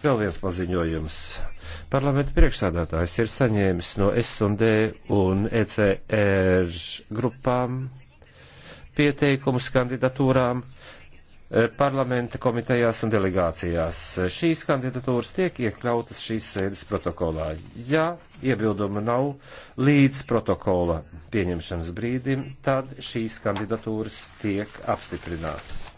Vēl viens paziņojums. Parlamenta priekšsādātājs ir saņēmis no SD un ECR grupām pieteikumus kandidatūrām eh, parlamenta komitejās un delegācijās. Šīs kandidatūras tiek iekļautas šīs sēdes protokolā. Ja iebilduma nav līdz protokola pieņemšanas brīdim, tad šīs kandidatūras tiek apstiprinātas.